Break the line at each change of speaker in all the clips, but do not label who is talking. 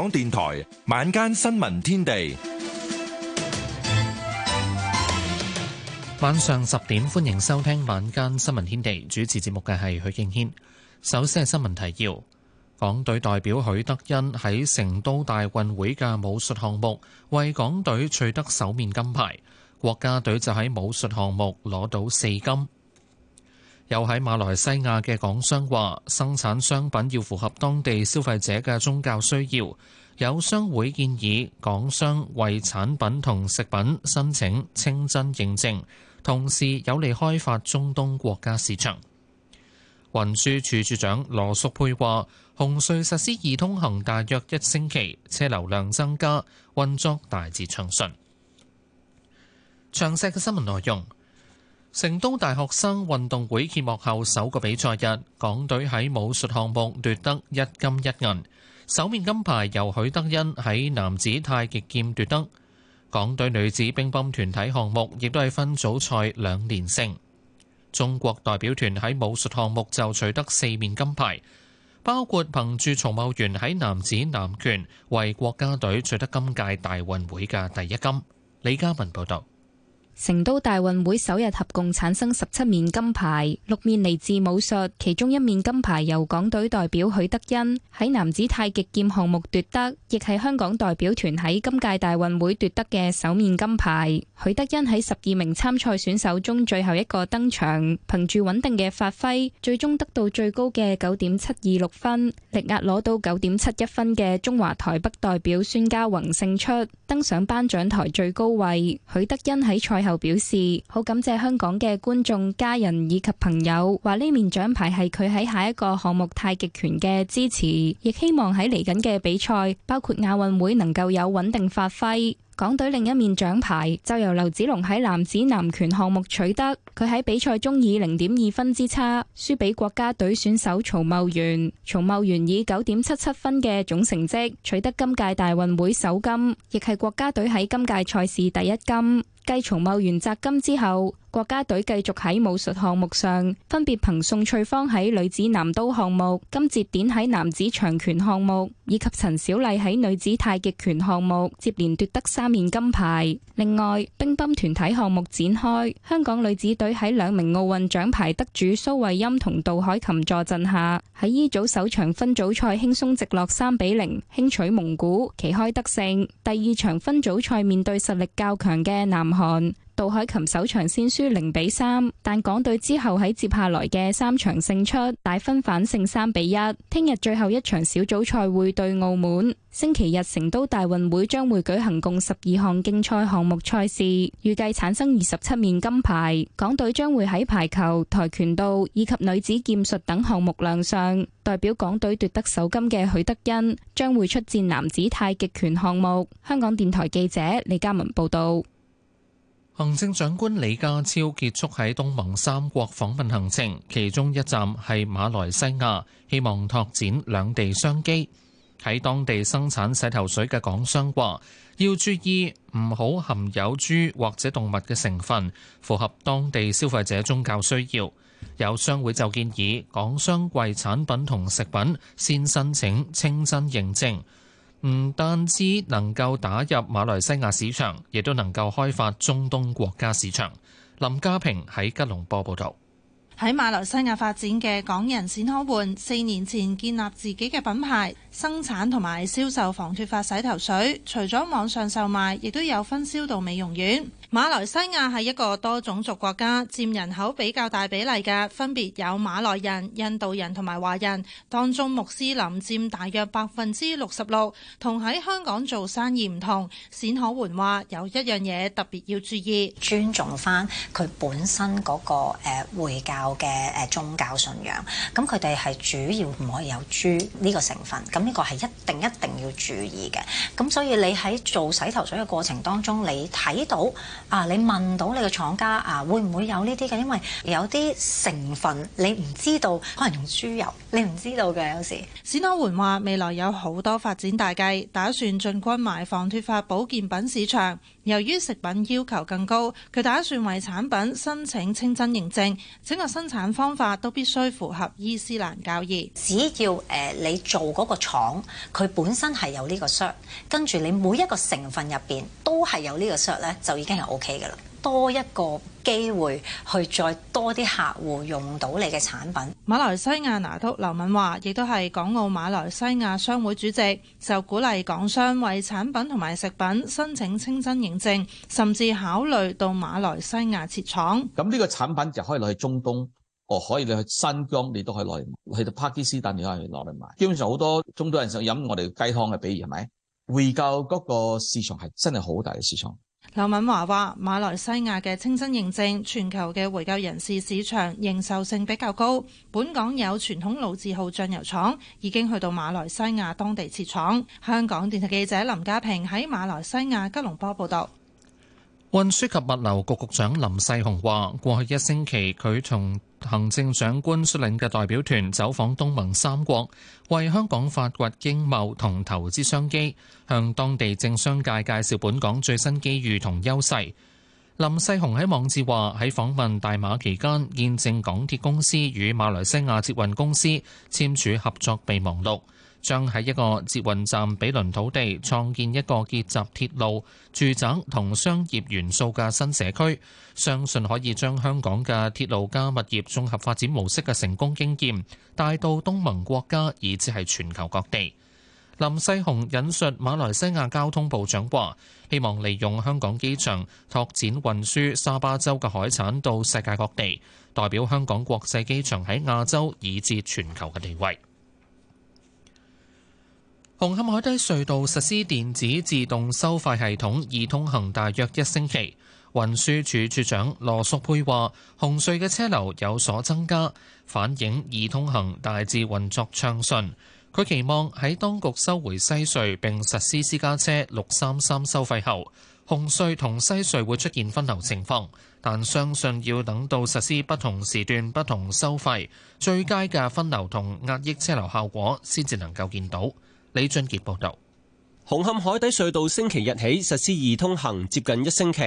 港電台晚間新聞天地，晚
上十點歡迎收聽晚間新聞天地。主持節目嘅係許敬軒。首先係新聞提要：港隊代表許德欣喺成都大運會嘅武術項目為港隊取得首面金牌，國家隊就喺武術項目攞到四金。有喺馬來西亞嘅港商話，生產商品要符合當地消費者嘅宗教需要。有商會建議港商為產品同食品申請清真認證，同時有利開發中東國家市場。運輸處處長羅淑佩話：紅隧實施易通行大約一星期，車流量增加，運作大致暢順。詳細嘅新聞內容。成都大學生運動會揭幕後首個比賽日，港隊喺武術項目奪得一金一銀，首面金牌由許德恩喺男子太極劍奪得。港隊女子乒乓團體項目亦都係分組賽兩連勝。中國代表團喺武術項目就取得四面金牌，包括憑住曹茂園喺男子南拳為國家隊取得今屆大運會嘅第一金。李嘉文報道。
成都大運會首日合共產生十七面金牌，六面嚟自武術，其中一面金牌由港隊代表許德恩喺男子太極劍項目奪得，亦係香港代表團喺今屆大運會奪得嘅首面金牌。許德恩喺十二名參賽選手中最後一個登場，憑住穩定嘅發揮，最終得到最高嘅九點七二六分，力壓攞到九點七一分嘅中華台北代表孫家宏勝出，登上頒獎台最高位。許德恩喺賽後又表示好，感謝香港嘅觀眾、家人以及朋友。話呢面獎牌係佢喺下一個項目太極拳嘅支持，亦希望喺嚟緊嘅比賽，包括亞運會，能夠有穩定發揮。港隊另一面獎牌就由劉子龍喺男子南拳項目取得。佢喺比賽中以零點二分之差輸俾國家隊選手曹茂源。曹茂源以九點七七分嘅總成績取得今屆大運會首金，亦係國家隊喺今屆賽事第一金。繼從茂源摘金之後，國家隊繼續喺武術項目上，分別憑宋翠芳喺女子南刀項目、金哲典喺男子長拳項目以及陳小麗喺女子太極拳項目接連奪得三面金牌。另外，乒乓團體項目展開，香港女子隊喺兩名奧運獎牌得主蘇慧音同杜海琴助陣下，喺 E 組首場分組賽輕鬆直落三比零輕取蒙古，旗開得勝。第二場分組賽面對實力較強嘅南韓。杜海琴首場先輸零比三，但港隊之後喺接下來嘅三場勝出，大分反勝三比一。聽日最後一場小組賽會對澳門。星期日成都大運會將會舉行共十二項競賽項目賽事，預計產生二十七面金牌。港隊將會喺排球、跆拳道以及女子劍術等項目亮相。代表港隊奪得首金嘅許德欣將會出戰男子太極拳項目。香港電台記者李嘉文報道。
行政長官李家超結束喺東盟三國訪問行程，其中一站係馬來西亞，希望拓展兩地商機。喺當地生產洗頭水嘅港商話，要注意唔好含有豬或者動物嘅成分，符合當地消費者宗教需要。有商會就建議，港商貴產品同食品先申請清真認證。唔單止能夠打入馬來西亞市場，亦都能夠開發中東國家市場。林家平喺吉隆坡報導。
喺馬來西亞發展嘅港人冼可煥，四年前建立自己嘅品牌，生產同埋銷售防脫髮洗頭水，除咗網上售賣，亦都有分銷到美容院。馬來西亞係一個多種族國家，佔人口比較大比例嘅分別有馬來人、印度人同埋華人。當中穆斯林佔大約百分之六十六。同喺香港做生意唔同，冼可緩話有一樣嘢特別要注意，尊重翻佢本身嗰個誒會教嘅宗教信仰。咁佢哋係主要唔可以有豬呢個成分。咁呢個係一定一定要注意嘅。咁所以你喺做洗頭水嘅過程當中，你睇到。啊！你問到你個廠家啊，會唔會有呢啲嘅？因為有啲成分你唔知道，可能用豬油，你唔知道嘅有時。史可緩話：未來有好多發展大計，打算進軍買防脫髮保健品市場。由於食品要求更高，佢打算為產品申請清真認證，整個生產方法都必須符合伊斯蘭教義。只要誒、呃、你做嗰個廠，佢本身係有呢個 cert，跟住你每一個成分入邊都係有呢個 cert 咧，就已經有。O K 噶啦，多一個機會去再多啲客戶用到你嘅產品。馬來西亞拿督劉敏華，亦都係港澳馬來西亞商會主席，就鼓勵港商為產品同埋食品申請清真認證，甚至考慮到馬來西亞設廠。
咁呢個產品就可以攞去中東，哦可以攞去新疆，你都可以攞嚟去，去到巴基斯坦，你可以攞嚟買。基本上好多中東人想飲我哋雞湯嘅，比如係咪回教嗰個市場係真係好大嘅市場。
劉敏華話：馬來西亞嘅清真認證，全球嘅回教人士市場認受性比較高。本港有傳統老字號醬油廠已經去到馬來西亞當地設廠。香港電台記者林家平喺馬來西亞吉隆坡報道。
運輸及物流局局長林世雄話，過去一星期，佢同行政長官率領嘅代表團走訪東盟三國，為香港發掘經貿同投資商機，向當地政商界介紹本港最新機遇同優勢。林世雄喺網誌話，喺訪問大馬期間，見證港鐵公司與馬來西亞捷運公司簽署合作備忘錄。將喺一個捷運站毗鄰土地，創建一個結集鐵路、住宅同商業元素嘅新社區，相信可以將香港嘅鐵路加物業綜合發展模式嘅成功經驗帶到東盟國家，以至係全球各地。林世雄引述馬來西亞交通部長話，希望利用香港機場拓展運輸沙巴州嘅海產到世界各地，代表香港國際機場喺亞洲以至全球嘅地位。紅磡海底隧道實施電子自動收費系統，易通行大約一星期。運輸署署長羅淑佩話：紅隧嘅車流有所增加，反映易通行大致運作暢順。佢期望喺當局收回西隧並實施私家車六三三收費後，紅隧同西隧會出現分流情況，但相信要等到實施不同時段不同收費，最佳嘅分流同壓抑車
流效果先至能夠見到。李俊杰報道。紅磡海底隧道星期日起實施易通行，接近一星期。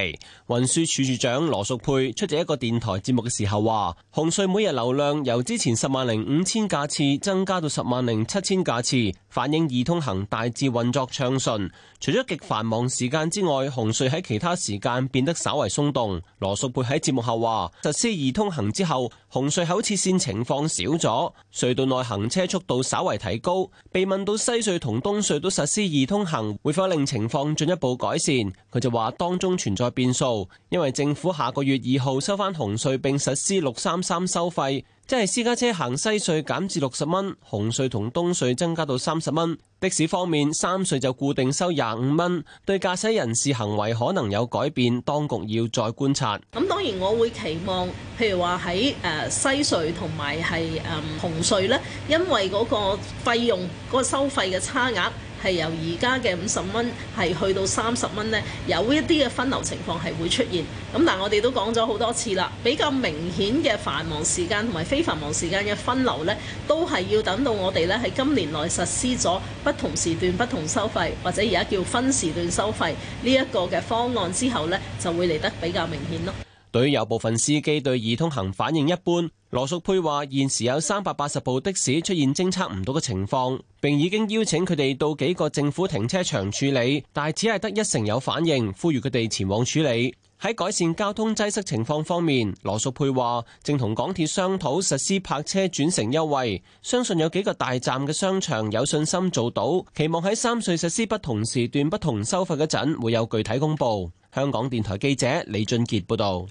運輸署署長羅淑佩出席一個電台節目嘅時候話，紅隧每日流量由之前十萬零五千架次增加到十萬零七千架次，反映易通行大致運作暢順。除咗極繁忙時間之外，紅隧喺其他時間變得稍為鬆動。羅淑佩喺節目後話，實施易通行之後，紅隧口切線情況少咗，隧道內行車速度稍為提高。被問到西隧同東隧都實施易通行，行會否令情況進一步改善？佢就話當中存在變數，因為政府下個月二號收返紅隧並實施六三三收費，即係私家車行西隧減至六十蚊，紅隧同東隧增加到三十蚊。的士方面，三隧就固定收廿五蚊，對駕駛人士行為可能有改變，當局要再觀察。
咁當然，我會期望，譬如話喺誒西隧同埋係誒紅隧咧，因為嗰個費用，嗰個收費嘅差額。係由而家嘅五十蚊係去到三十蚊呢，有一啲嘅分流情況係會出現。咁但我哋都講咗好多次啦，比較明顯嘅繁忙時間同埋非繁忙時間嘅分流呢，都係要等到我哋呢喺今年內實施咗不同時段不同收費，或者而家叫分時段收費呢一個嘅方案之後呢，就會嚟得比較明顯咯。
對於有部分司機對易通行反應一般。羅淑佩話：現時有三百八十部的士出現偵測唔到嘅情況，並已經邀請佢哋到幾個政府停車場處理，但係只係得一成有反應，呼籲佢哋前往處理。喺改善交通擠塞情況方面，羅淑佩話正同港鐵商討實施泊車轉乘優惠，相信有幾個大站嘅商場有信心做到，期望喺三歲實施不同時段不同收費嗰陣會有具體公布。香港電台記者李俊杰報道。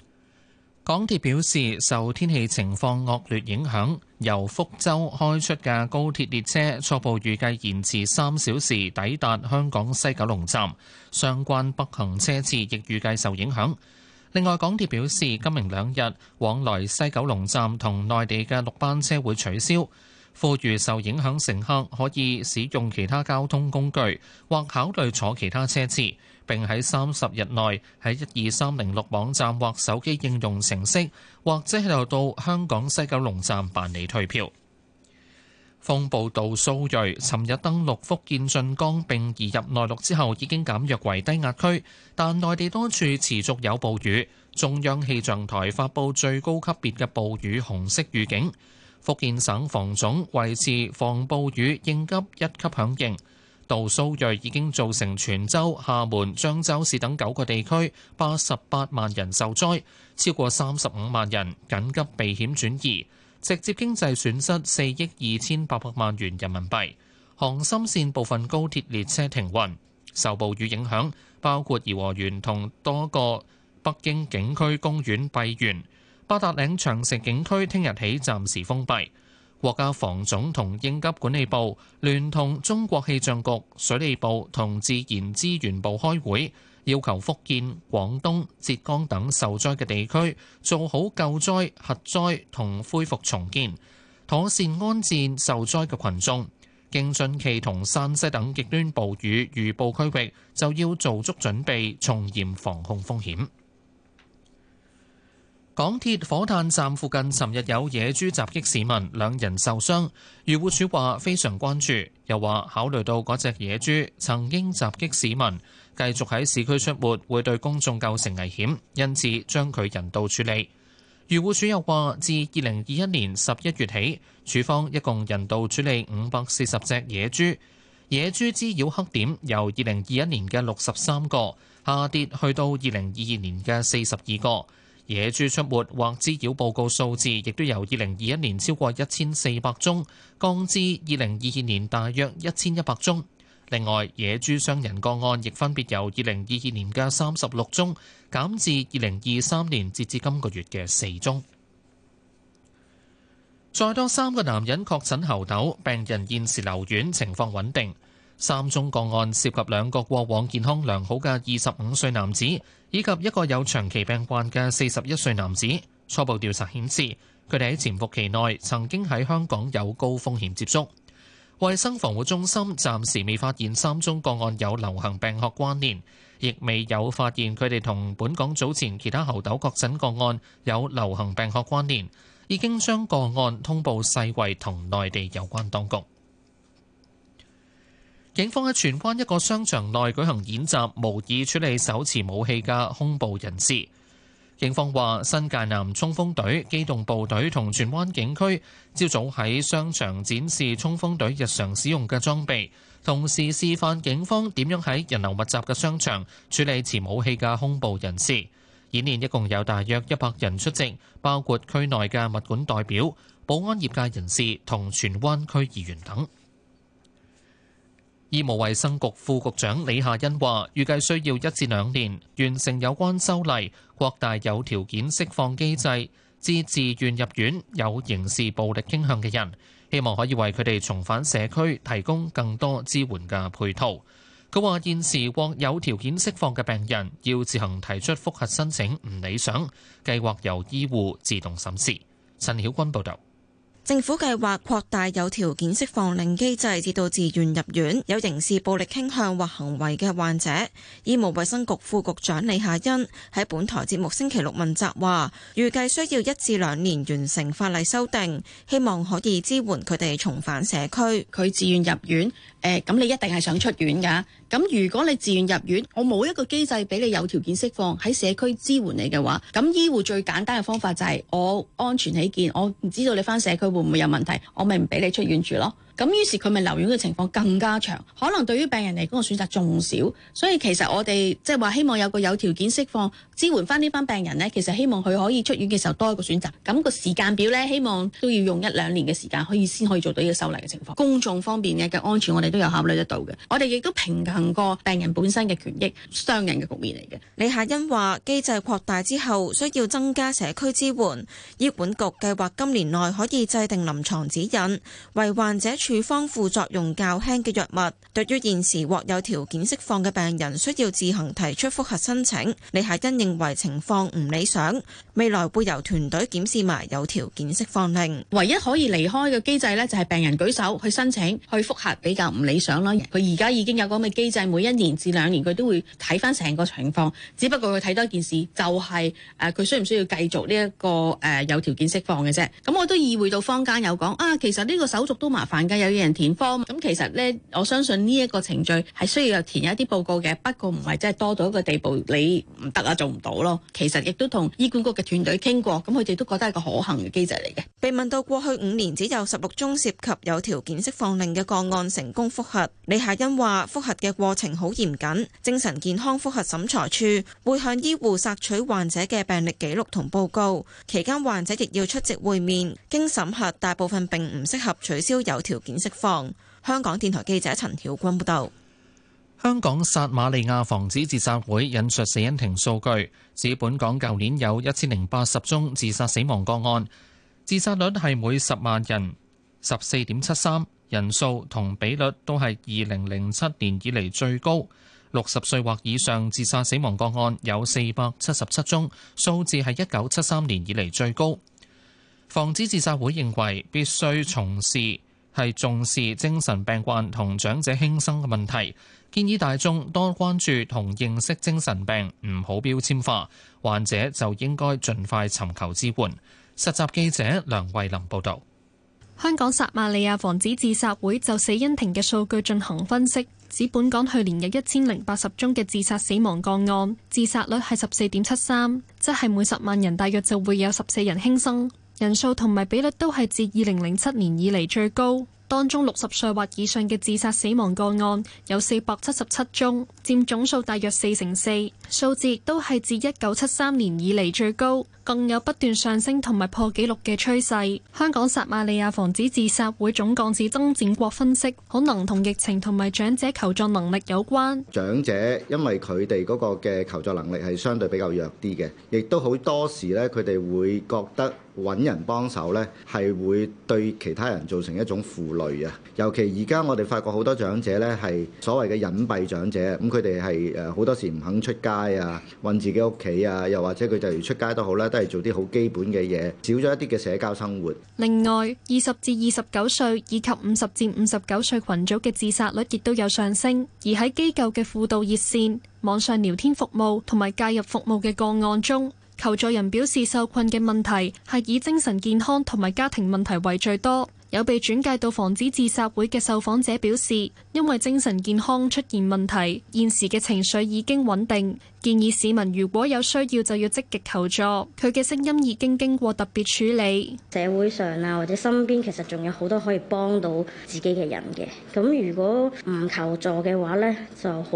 港鐵表示，受天氣情況惡劣影響，由福州開出嘅高
鐵列車初步預計延遲三小時抵達香港西九龍站，相關北行車次亦預計受影響。另外，港鐵表示，今明兩日往來西九龍站同內地嘅六班車會取消，呼籲受影響乘客可以使用其他交通工具，或考慮坐其他車次。並喺三十日內喺一二三零六網站或手機應用程式，或者係到香港西九龍站辦理退票。風暴杜蘇芮尋日登陸福建晉江並移入內陸之後，已經減弱為低壓區，但內地多處持續有暴雨。中央氣象台發佈最高級別嘅暴雨紅色預警，福建省防總維持防暴雨應急一級響應。暴蘇瑞已經造成泉州、廈門、漳州市等九個地區八十八萬人受災，超過三十五萬人緊急避險轉移，直接經濟損失四億二千八百萬元人民幣。杭深線部分高鐵列車停運，受暴雨影響，包括頤和園同多個北京景區公園閉園，八達嶺長城景區聽日起暫時封閉。國家防總同應急管理部聯同中國氣象局、水利部同自然資源部開會，要求福建、廣東、浙江等受災嘅地區做好救災、核災同恢復重建，妥善安置受災嘅群眾。京津冀同山西等極端暴雨預報區域，就要做足準備，重嚴防控風險。港鐵火炭站附近，尋日有野豬襲擊市民，兩人受傷。漁護署話非常關注，又話考慮到嗰隻野豬曾經襲擊市民，繼續喺市區出沒會對公眾構成危險，因此將佢人道處理。漁護署又話，自二零二一年十一月起，處方一共人道處理五百四十隻野豬。野豬滋擾黑點由二零二一年嘅六十三個下跌去到二零二二年嘅四十二個。野豬出沒或滋擾報告數字亦都由二零二一年超過一千四百宗降至二零二二年大約一千一百宗。另外，野豬傷人個案亦分別由二零二二年嘅三十六宗減至二零二三年截至今個月嘅四宗。再多三個男人確診猴痘，病人現時留院，情況穩定。三宗個案涉及兩個過往健康良好嘅二十五歲男子，以及一個有長期病患嘅四十一歲男子。初步調查顯示，佢哋喺潛伏期內曾經喺香港有高風險接觸。衛生防護中心暫時未發現三宗個案有流行病學關聯，亦未有發現佢哋同本港早前其他猴痘確診個案有流行病學關聯，已經將個案通報世衛同內地有關當局。警方喺荃灣一個商場內舉行演習，模擬處理手持武器嘅恐怖人士。警方話，新界南衝鋒隊、機動部隊同荃灣警區朝早喺商場展示衝鋒隊日常使用嘅裝備，同時示範警方點樣喺人流密集嘅商場處理持武器嘅恐怖人士。演練一共有大約一百人出席，包括區內嘅物管代表、保安業界人士同荃灣區議員等。醫務衛生局副局長李夏茵話，預計需要一至兩年完成有關修例，擴大有條件釋放機制，至自願入院有刑事暴力傾向嘅人，希望可以為佢哋重返社區提供更多支援嘅配套。佢話現時獲有條件釋放嘅病人要自行提出覆核申請，唔理想，計劃由醫護自動審視。陳曉君報道。
政府計劃擴大有條件釋放令機制，至到自願入院有刑事暴力傾向或行為嘅患者。醫務衛生局副局長李夏欣喺本台節目星期六問責話，預計需要一至兩年完成法例修訂，希望可以支援佢哋重返社區。佢自願入院，誒、呃，咁你一定係想出院㗎？咁如果你自願入院，我冇一個機制俾你有條件釋放喺社區支援你嘅話，咁醫護最簡單嘅方法就係我安全起見，我唔知道你返社區會唔會有問題，我咪唔俾你出院住咯。咁於是佢咪留院嘅情況更加長，可能對於病人嚟講個選擇仲少，所以其實我哋即係話希望有個有條件釋放支援返呢班病人呢。其實希望佢可以出院嘅時候多一個選擇。咁個時間表呢，希望都要用一兩年嘅時間，可以先可以做到呢個修例嘅情況。公眾方面嘅嘅安全，我哋都有考慮得到嘅。我哋亦都平衡過病人本身嘅權益，雙贏嘅局面嚟嘅。李夏欣話：機制擴大之後，需要增加社區支援，醫管局計劃今年內可以制定臨床指引，為患者處方副作用較輕嘅藥物，對於現時或有條件釋放嘅病人，需要自行提出複核申請。李夏恩認為情況唔理想。未來會由團隊檢視埋，有條件釋放令。唯一可以離開嘅機制咧，就係病人舉手去申請，去複核比較唔理想囉。佢而家已經有嗰咁嘅機制，每一年至兩年佢都會睇翻成個情況。只不過佢睇多件事，就係誒佢需唔需要繼續呢一個誒有條件釋放嘅啫。咁我都意會到坊間有講啊，其實呢個手續都麻煩㗎，有嘢人填 form。咁其實呢，我相信呢一個程序係需要填一啲報告嘅，不過唔係真係多到一個地步你唔得啊，做唔到咯。其實亦都同醫管局嘅，團隊傾過，咁佢哋都覺得係個可行嘅機制嚟嘅。被問到過去五年只有十六宗涉及有條件釋放令嘅個案成功覆核，李夏欣話：覆核嘅過程好嚴謹，精神健康覆核審裁處會向醫護索取患者嘅病歷記錄同報告，期間患者亦要出席會面，經審核大部分並唔適合取消有條件釋放。香港電台記者陳曉君報道。
香港撒瑪利亞防止自殺會引述死因庭數據，指本港舊年有一千零八十宗自殺死亡個案，自殺率係每十萬人十四點七三，人數同比率都係二零零七年以嚟最高。六十歲或以上自殺死亡個案有四百七十七宗，數字係一九七三年以嚟最高。防止自殺會認為必須從事係重視精神病患同長者輕生嘅問題。建議大眾多關注同認識精神病，唔好標籤化患者，就應該盡快尋求支援。實習記者梁慧琳報導。
香港撒瑪利亞防止自殺會就死因庭嘅數據進行分析，指本港去年有一千零八十宗嘅自殺死亡個案，自殺率係十四點七三，即係每十萬人大約就會有十四人輕生，人數同埋比率都係自二零零七年以嚟最高。當中六十歲或以上嘅自殺死亡個案有四百七十七宗，佔總數大約四成四，數字亦都係自一九七三年以嚟最高，更有不斷上升同埋破紀錄嘅趨勢。香港撒瑪利亞防止自殺會總幹事曾展國分析，可能同疫情同埋長者求助能力有關。
長者因為佢哋
嗰個嘅求助能力係相對比較弱啲嘅，亦都好多時呢，佢哋會覺得。揾人幫手呢，係會對其他人造成一種負累啊！尤其而家我哋發覺好多長者呢，係所謂嘅隱蔽長者，咁佢哋係誒好多時唔肯出街啊，困自己屋企啊，又或者佢就如出街都好啦，都係做啲好基本嘅嘢，少咗一啲嘅社交生活。
另外，二十至二十九歲以及五十至五十九歲群組嘅自殺率亦都有上升，而喺機構嘅輔導熱線、網上聊天服務同埋介入服務嘅個案中。求助人表示，受困嘅問題，係以精神健康同埋家庭問題為最多。有被轉介到防止自殺會嘅受訪者表示，因為精神健康出現問題，現時嘅情緒已經穩定。建議市民如果有需要就要積極求助。佢嘅聲音已經經過特別處理。社會上啊或者身邊其實仲有好多可以幫到自己嘅人嘅。咁如果唔求助嘅話呢，就好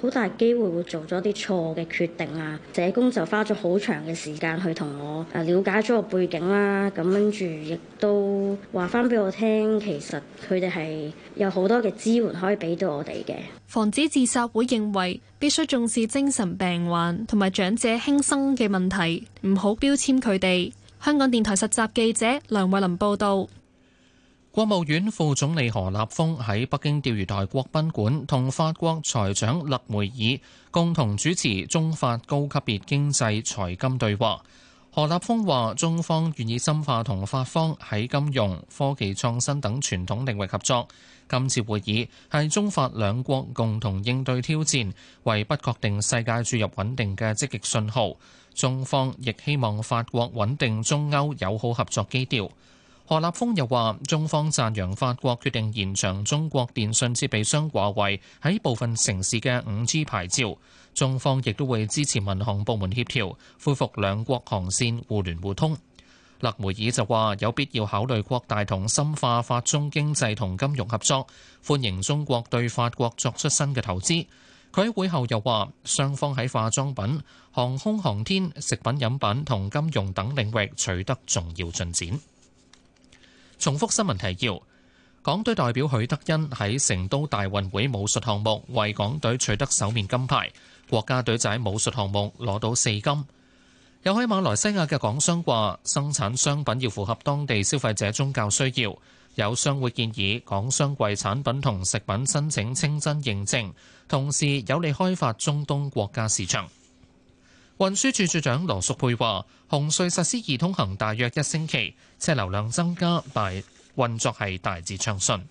好大機會會做咗啲錯嘅決定啊。社工就花咗好長嘅時間去同我啊了解咗個背景啦。咁跟住亦都話翻俾我聽，其實佢哋係有好多嘅支援可以俾到我哋嘅。防止自殺會認為，必須重視精神病患同埋長者輕生嘅問題，唔好標籤佢哋。香港電台實習記者梁慧琳報道。
國務院副總理何立峰喺北京釣魚台國賓館同法國財長勒梅爾共同主持中法高級別經濟財金對話。何立峰話：中方願意深化同法方喺金融、科技創新等傳統領域合作。今次會議係中法兩國共同應對挑戰，為不確定世界注入穩定嘅積極信號。中方亦希望法國穩定中歐友好合作基調。何立峰又話：中方讚揚法國決定延長中國電信設備商華為喺部分城市嘅 5G 牌照。中方亦都會支持民航部門協調，恢復兩國航線互聯互通。勒梅爾就話有必要考慮擴大同深化法中經濟同金融合作，歡迎中國對法國作出新嘅投資。佢喺會後又話，雙方喺化妝品、航空航天、食品飲品同金融等領域取得重要進展。重複新聞提要：港隊代表許德恩喺成都大運會武術項目為港隊取得首面金牌。國家隊就喺武術項目攞到四金。有喺馬來西亞嘅港商話，生產商品要符合當地消費者宗教需要。有商會建議港商為產品同食品申請清真認證，同時有利開發中東國家市場。運輸處處長羅淑佩話：紅隧實施易通行大約一星期，車流量增加，但運作係大致暢順。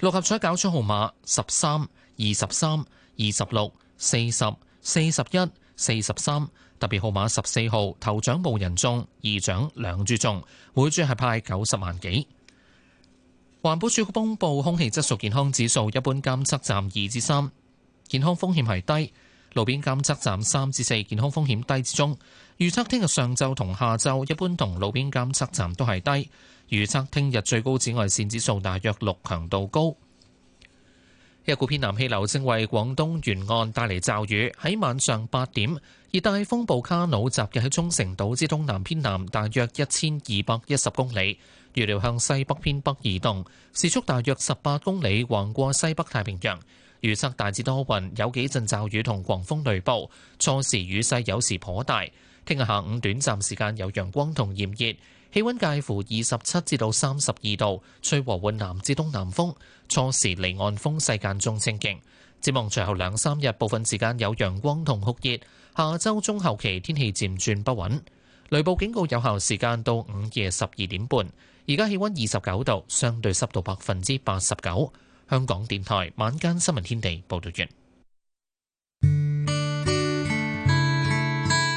六合彩攪出號碼十三、二十三、二十六、四十四十一、四十三，特別號碼十四號，頭獎無人中，二獎兩注中，每注係派九十萬幾。環保署公布空氣質素健康指數，一般監測站二至三，健康風險係低；路邊監測站三至四，健康風險低至中。預測聽日上晝同下晝，一般同路邊監測站都係低。預測聽日最高紫外線指數大約六，強度高。一股偏南氣流正為廣東沿岸帶嚟驟雨，喺晚上八點，熱帶風暴卡努襲擊喺沖繩島之東南偏南大約一千二百一十公里，預料向西北偏北移動，時速大約十八公里，橫過西北太平洋。預測大致多雲，有幾陣驟雨同狂風雷暴，初時雨勢有時頗大。聽日下午短暫時間有陽光同炎熱。氣溫介乎二十七至到三十二度，吹和緩南至東南風，初時離岸風勢間中清勁。展望隨後兩三日，部分時間有陽光同酷熱。下周中後期天氣漸轉不穩，雷暴警告有效時間到午夜十二點半。而家氣溫二十九度，相對濕度百分之八十九。香港電台晚間新聞天地報道完。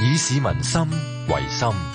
以市民心為心。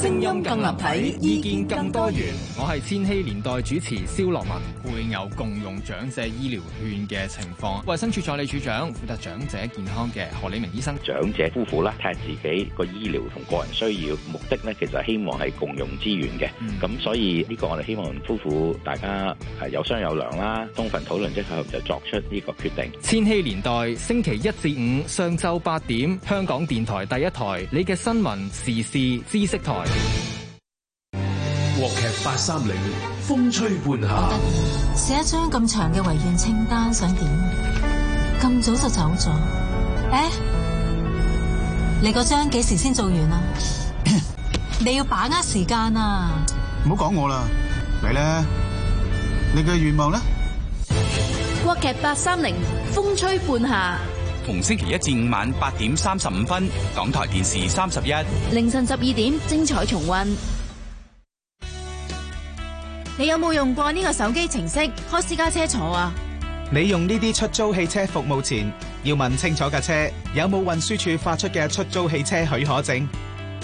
聲音更立體，意見更多
元。我係千禧年代主持蕭樂文。會有共用長者醫療券嘅情況，衛生署助理署長負責長者健康嘅何
禮明醫生。長者夫婦啦，睇下，自己個醫療同個人需要目的咧，其實希望係共用資源嘅。咁、嗯、所以呢個我哋希望夫婦大家係有商有量啦，充分討論之後就作出呢個決定。千禧年代星期一至五上晝八點，香港電台
第一台，你嘅新聞時事知識台。國劇八三零，30，風吹半夏，
寫一張咁長嘅遺願清單，想點？咁早就走咗，誒、欸，你嗰張幾時先做完啊？ 你要把握時間啊！
唔好講我啦，嚟啦，你嘅願望咧？
國劇八三零，風吹半夏。
逢星期一至五晚八點三十五分，港台電視三十一。
凌晨十二點，精彩重温。你有冇用過呢個手機程式開私家車坐啊？
你用呢啲出租汽車服務前，要問清楚架車有冇運輸署發出嘅出租汽車許可證。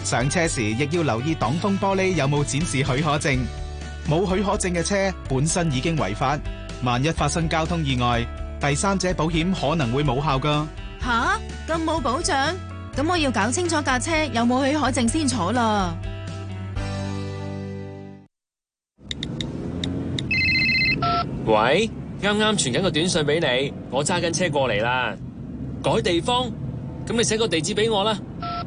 上車時亦要留意擋風玻璃有冇展示許可證。冇許可證嘅車本身已經違法，萬一發生交通意外。第三者保險可能會冇效噶。
吓？咁冇保障，咁我要搞清楚架車有冇許可證先坐啦。
喂，啱啱傳緊個短信俾你，我揸緊車過嚟啦，改地方，咁你寫個地址俾我啦。
啊，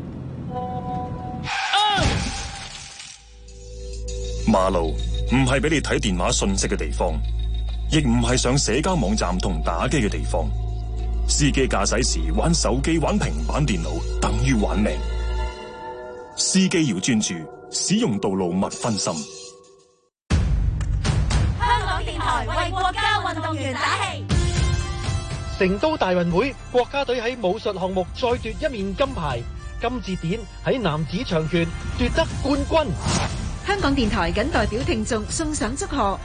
馬路唔係俾你睇電話信息嘅地方。亦唔係上社交網站同打機嘅地方。司機駕駛。司機駕駛時玩手機、玩平板電腦，等於玩命。司機要專注，使用道路勿分心。
香港電台為國家運動員打
氣。成都大運會，國家隊喺武術項目再奪一面金牌。金志典喺男子長拳奪得冠軍。
香港電台謹代表聽眾送上祝賀。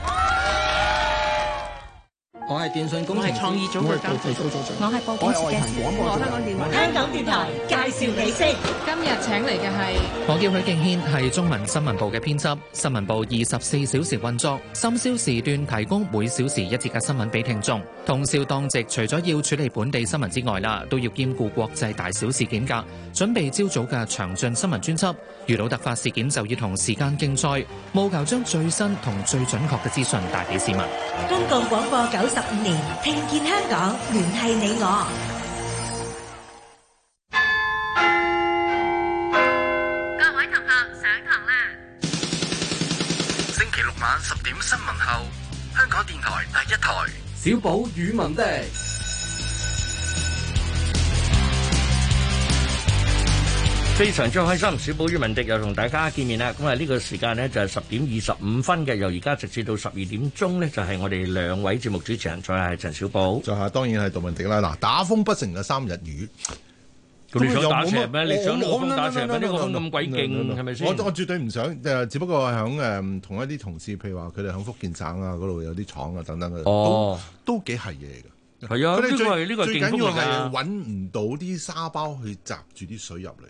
我係電訊公司創意組嘅組長，我係報紙嘅，我
香港電台介紹你先。今日請嚟嘅係
我叫許敬軒，係中文新聞部嘅編輯。新聞部二十四小時運作，深宵時段提供每小時一節嘅新聞俾聽眾。通宵當值除咗要處理本地新聞之外啦，都要兼顧國際大小事件㗎。準備朝早嘅詳盡新聞專輯，遇到突發事件就要同時間競賽，務求將最新同最準確嘅資訊帶俾市民。
公共廣播九十五年聽見香港，聯繫你我。各
位同學，上堂啦！星期六晚十點新聞後，香港電台第一台小寶語文台。
非常之開心，小寶與文迪又同大家見面啦！咁啊，呢個時間呢，就係十點二十五
分嘅，由而家直至到十二點鐘呢，就係我哋兩位節目主持人，再係陳小寶，再係當然係杜文迪啦。嗱，打風不成嘅三日雨，你想打咩？你想打蛇個咁鬼勁，係咪先？我我絕對唔想，只不過喺誒同一啲同事，譬如話佢哋喺福建省啊嗰度有啲廠啊等等，都都幾係嘢
嘅。係啊，佢哋最緊要係
揾唔到啲沙包去閘住啲水入嚟。